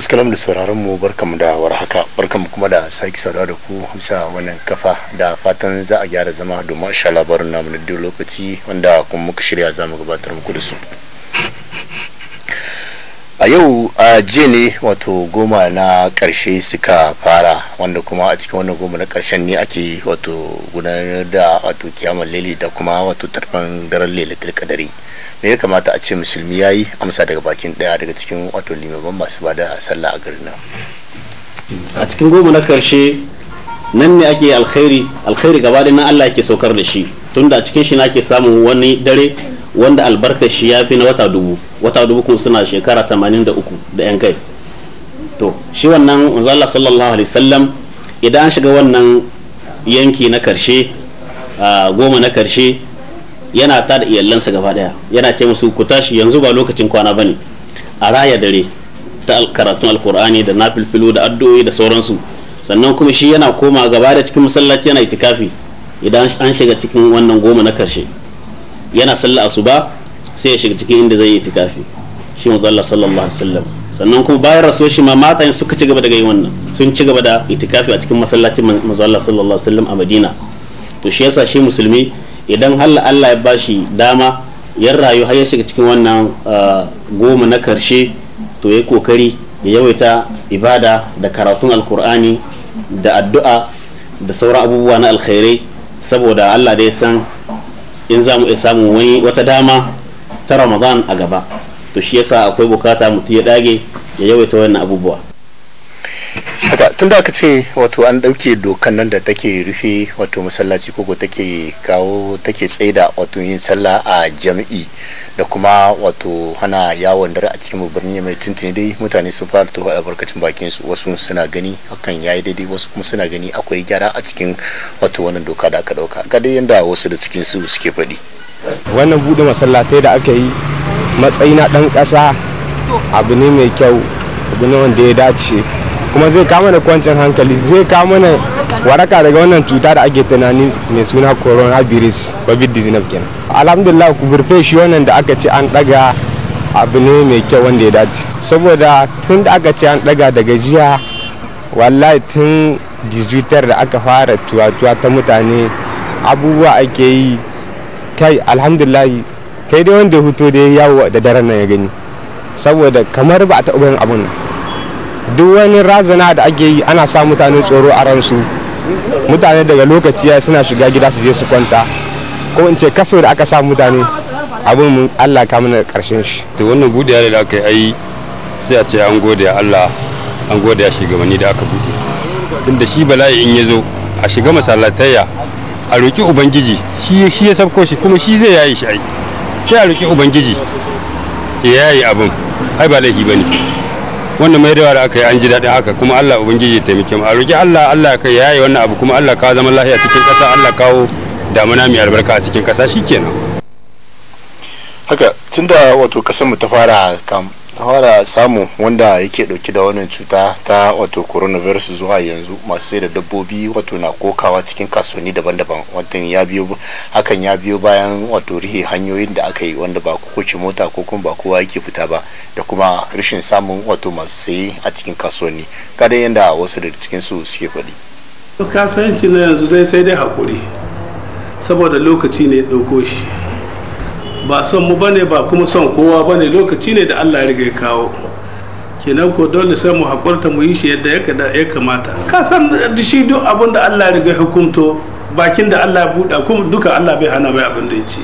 askalam da sauraron mu barkamu da warhaka barkamu kuma da sake saurara da ku bisa wannan kafa da fatan za a gyara zama domin sha barun namu na lokaci wanda kuma muka shirya za mu gabatar muku da su a yau a jiya ne wato goma na karshe suka fara wanda kuma a cikin wannan goma na karshen ne ake wato gudanar da wato kiyamar lele da kuma wato tarfan daren lailatul kadari me ya kamata a ce musulmi ya yi amsa daga bakin daya daga cikin wato limaman masu bada sallah a garin nan a cikin goma na karshe nan ne ake alkhairi alkhairi gaba na Allah ke saukar da shi tunda a cikin shi na ke samun wani dare wanda albarkar shi ya fi na wata dubu wata dubu kuma suna shekara 83 da yan kai to shi wannan manzala sallallahu alaihi wasallam idan an shiga wannan yanki na karshe goma na karshe yana ta da iyalansa gaba daya yana ce musu ku tashi yanzu ba lokacin kwana bane a raya dare ta karatun alkur'ani da nafilfilu da addu'o'i da sauransu sannan kuma shi yana koma gaba da cikin masallaci yana itikafi idan an shiga cikin wannan goma na karshe yana sallah asuba sai ya shiga cikin inda zai yi tikafi shi manzo sallallahu alaihi wasallam sannan kuma bayan rasuwa shi ma mata suka ci gaba da yin wannan sun ci gaba da itikafi a cikin masallacin manzo Allah sallallahu alaihi wasallam a Madina to shi yasa shi musulmi idan Allah Allah ya bashi dama yan rayu har ya shiga cikin wannan ah, goma na karshe to yayi kokari ya yawaita ibada da karatun alkur'ani da addu'a da sauran abubuwa na alkhairai saboda Allah da ya san in za mu iya samun wani wata dama ta ramadan a gaba to shi yasa akwai bukata mutum ya dage ya yawaita wannan abubuwa haka tun da aka ce wato an dauke dokan nan da take rufe wato masallaci koko take kawo take tsaida wato yin sallah a jami'i da kuma wato hana yawon dare a cikin birni mai tuntuni dai mutane sun fara tofa albarkacin bakin su wasu suna gani hakan yayi daidai wasu kuma suna gani akwai gyara a cikin wato wannan doka da aka dauka ga dai yanda wasu da cikin su suke faɗi wannan bude masallatai da aka yi matsayi na ɗan ƙasa abu ne mai kyau abu ne wanda ya dace kuma zai kawo mana kwancin hankali zai kawo mana waraka daga wannan cuta da ake tunani mai suna coronavirus covid-19 kenan alhamdulillah ku burfe shi wannan da aka ce an daga abu ne mai kyau wanda ya dace saboda tun da aka ce an daga daga jiya wallahi tun jizutar da aka fara tuwa-tuwa ta mutane abubuwa ake yi kai alhamdulahi kai dai wanda hutu da yawo da daren nan ya gani saboda kamar ba a taɓa yin abun nan duk wani razana da ake yi ana sa mutane tsoro a ransu mutane daga lokaci ya suna shiga gida su je su kwanta ko in ce kaso da aka sa mutane abin mun Allah ka mana karshen shi to wannan godiya da aka yi ai sai a ce an gode Allah an gode ya shugabanni da aka buɗe tunda shi bala'i in ya zo a shiga masallatayya a roki ubangiji shi shi ya sabko shi kuma shi zai yayi shi ai sai a roki ubangiji ya yayi abin ai ba laifi bane wanda mai da aka yi an ji daɗin haka kuma Allah ubangiji ya taimake mu a roki Allah Allah ka yayi wannan abu kuma Allah ka zama lafiya cikin ƙasa Allah kawo damuna mai albarka a cikin ƙasa shikenan haka tunda wato ƙasar mu ta fara kam fara samu wanda yake dauke da wannan cuta ta wato coronavirus zuwa yanzu masu sai da dabbobi wato na kokawa cikin kasuwanni daban-daban wato ya biyo hakan ya biyo bayan wato rihe hanyoyin da aka yi wanda ba kuci mota ko kuma ba kowa yake fita ba da kuma rashin samun wato masu sai a cikin kasuwanni kada yanda wasu daga cikin su suke faɗi. kasuwanci na yanzu zai sai dai hakuri saboda lokaci ne ya ɗauko shi ba son mu bane ba kuma son kowa bane lokaci ne da Allah ya riga ya kawo kenan ko dole sai mu hakurta mu yi shi yadda ya kamata ka san shi duk abin da Allah ya riga hukunto bakin da Allah ya buɗa kuma duka Allah bai hana bai abin da ya ci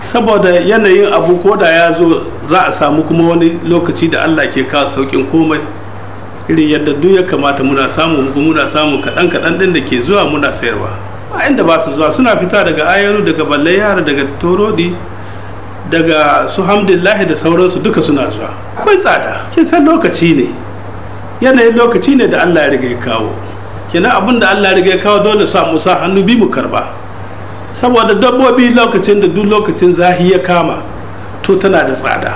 saboda yanayin abu ko da ya zo za a samu kuma wani lokaci da Allah ke kawo saukin komai irin yadda duk ya kamata muna samu muna samu kaɗan kaɗan ɗin da ke zuwa muna sayarwa a inda ba su zuwa suna fita daga ayaru daga balle yara daga torodi daga su hamdulillahi da sauransu duka suna zuwa akwai tsada kin san lokaci ne yanayin lokaci ne da allah ya riga ya kawo kina abin da allah ya riga ya kawo dole sa musa hannu bi mu karba saboda dabbobi lokacin da duk lokacin zahi ya kama to tana da tsada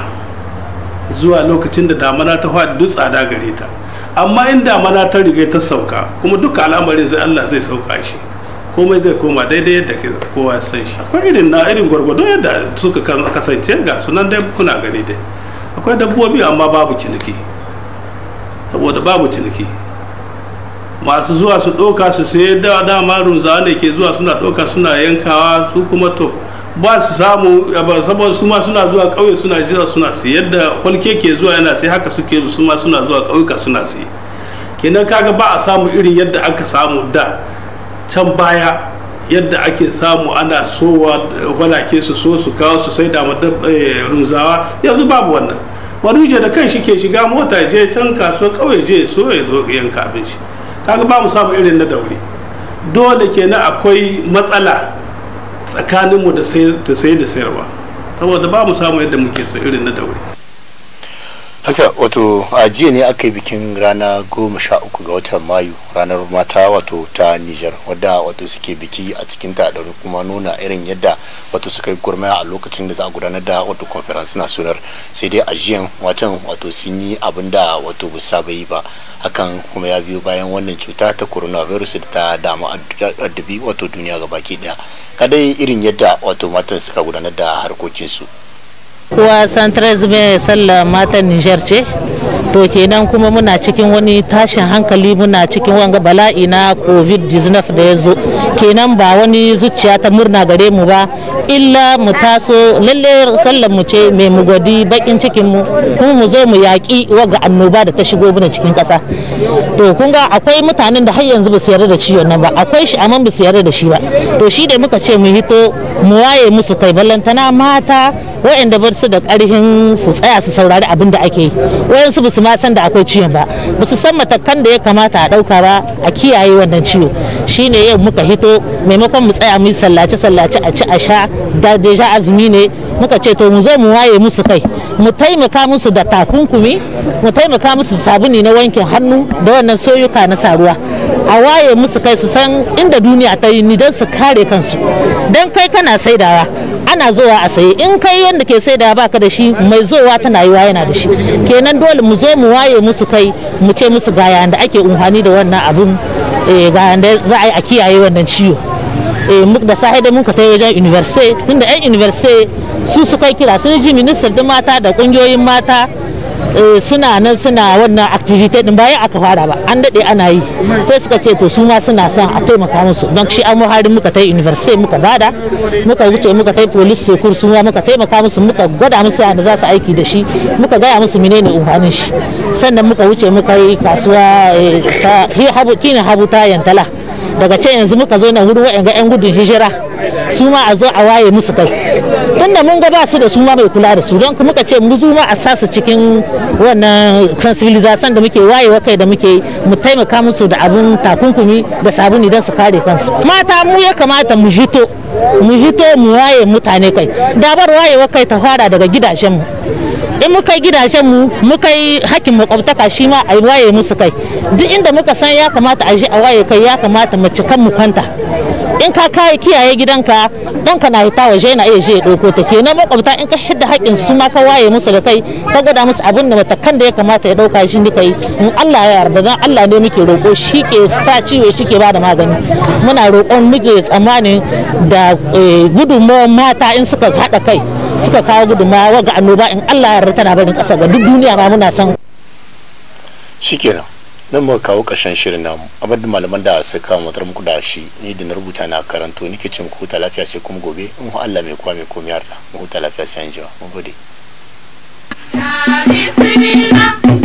zuwa lokacin da damana ta faɗi duk tsada gare ta amma in damana ta riga ta sauka kuma duka al'amarin zai allah zai sauka shi komai zai koma daidai yadda kowa ya san shi akwai irin na irin gwargwado yadda suka kasance ga sunan dai kuna gani dai akwai dabbobi amma babu ciniki saboda babu ciniki masu zuwa su ɗauka su sai da dama runza ne ke zuwa suna ɗauka suna yankawa su kuma to ba su samu saboda su ma suna zuwa ƙauye suna jira suna sai yadda kwalke ke zuwa yana sai haka suke su ma suna zuwa ƙauyuka suna sai kenan kaga ba a samu irin yadda aka samu da can baya yadda ake samu ana sowa walake su so su kawo su sai da eh, runzawa yanzu babu wannan je da kan shi ke shiga mota je can kaso kawai je so ya zo yanka abin shi kaga ba mu samu irin na daure dole kenan akwai matsala tsakaninmu da sai da sayarwa saboda ba mu samu yadda muke so irin na daure haka wato a jiya ne aka yi bikin rana goma sha uku ga watan mayu ranar mata wato ta nijar wadda wato suke biki a cikin da kuma nuna irin yadda wato suka yi gurmaya a lokacin da za a gudanar da wato conference na sunar sai dai a jiyan watan wato sun yi abin da wato ba saba yi ba hakan kuma ya biyo bayan wannan cuta ta coronavirus da ta damu addabi wato duniya gabaki daya kadai irin yadda wato matan suka gudanar da harkokinsu kuwa san 13 mai sallah matan nijar ce to kenan kuma muna cikin wani tashin hankali muna cikin wanga bala'i na covid-19 da ya zo kenan ba wani zuciya ta murna gare mu ba illa mu taso lalle sallar mu ce mai mu gwadi bakin cikin mu kuma mu zo mu yaƙi waga annoba da ta shigo mana cikin ƙasa to kun ga akwai mutanen da har yanzu ba su yarda da ciwon nan ba akwai shi amma ba su yarda da shi ba to shi da muka ce mu hito mu waye musu kai ballantana mata waɗanda bar su da karhin su tsaya su saurari abin da ake yi waɗansu ba su ma san da akwai ciwon ba ba su san matakan da ya kamata a ɗauka ba a kiyaye wannan ciwo shine yau muka hito maimakon mu tsaya mu sallace sallace a ci a sha da deja azumi ne muka ce to mu zo mu waye musu kai mu taimaka musu da takunkumi mu taimaka musu sabuni na wankin hannu da wannan soyuka na saruwa a waye musu kai su san inda duniya ta yi ni don su kare kansu don kai kana saidawa ana zowa a saye in kai yadda ke sai da baka da shi mai zowa tana yiwa yana da shi kenan dole mu zo mu waye musu kai mu ce musu ga da ake umfani da wannan abun eh, ga da za a yi a kiyaye wannan ciwo eh, da sahi da muka ta wajen university tunda yan university su su kai kira sun ji ministan din mata da kungiyoyin mata eh, suna nan suna wannan activity din bayan aka fara ba an dade ana yi sai suka ce to su ma suna son a taimaka musu don shi an muhari muka ta university muka bada muka wuce muka ta police secure su ma muka taimaka musu muka gwada musu yadda za su aiki da shi muka gaya musu menene umfanin shi sannan muka wuce muka yi kasuwa eh, ta kina habu ta yantala daga ce yanzu muka zo na wuri wa'yan ga 'yan gudun hijira su ma a zo a waye musu kai tunda mun ga ba su da su ma bai kula da su don muka ce mu zuma a sa cikin wannan sensibilization da muke wayewa kai da muke mu taimaka musu da abun takunkumi da sabuni don su kare kansu mata mu ya kamata mu hito mu hito mu waye mutane kai dabar wayewa kai ta fara daga gidajenmu in muka yi gidajen mu muka yi hakkin makwabtaka shi ma a waye musu kai duk inda muka san ya kamata a je a waye kai ya kamata mace kan mu kwanta in ka kai kiyaye gidanka ka na hita waje na iya je ya ɗauko ta kenan makwabta in ka hidda hakkin su ma ka waye musu da kai ka gwada musu abin da matakan da ya kamata ya ɗauka shi ne kai in Allah ya yarda dan Allah ne muke roƙo shi ke sa ciwo shi ke ba da magani muna roƙon muke tsammanin da eh, gudunmawar mata in suka haɗa kai suka kawo gudunmawa ga annoba in Allah ya tana barin kasar ga duk duniya ma muna son shikenan nan muka kawo ƙarshen shirin namu abin da malaman da kawo matar muku da shi ni da na rubuta na karanto nike ce muku huta lafiya sai kuma gobe in Allah mai kwa mai komiyar da mu huta lafiya sai an jiwa mun gode